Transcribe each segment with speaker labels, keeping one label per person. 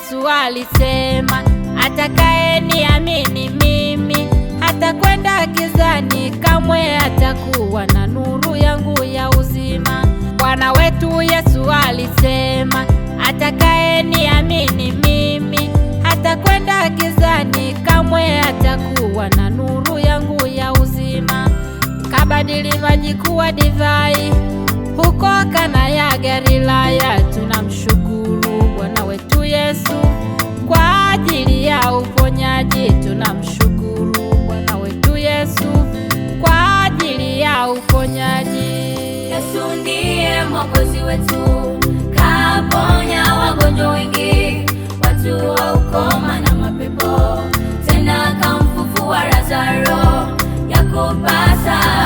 Speaker 1: Yesu alisema, atakayeniamini mimi hata kwenda gizani kamwe, atakuwa na nuru yangu ya uzima. Bwana wetu Yesu alisema, atakayeniamini mimi hata kwenda gizani kamwe, atakuwa na nuru yangu ya uzima. Kabadili maji kuwa divai wetu,
Speaker 2: kaponya wagonjwa wengi, watu wa ukoma na mapepo, tena kamfufua Lazaro, yakupasa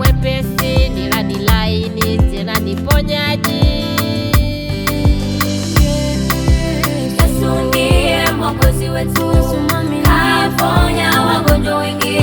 Speaker 1: mwepesi, ni ladilaini tena niponyaji. Yesu ndiye mwokozi wetu, kaponya
Speaker 2: wagonjwa wengi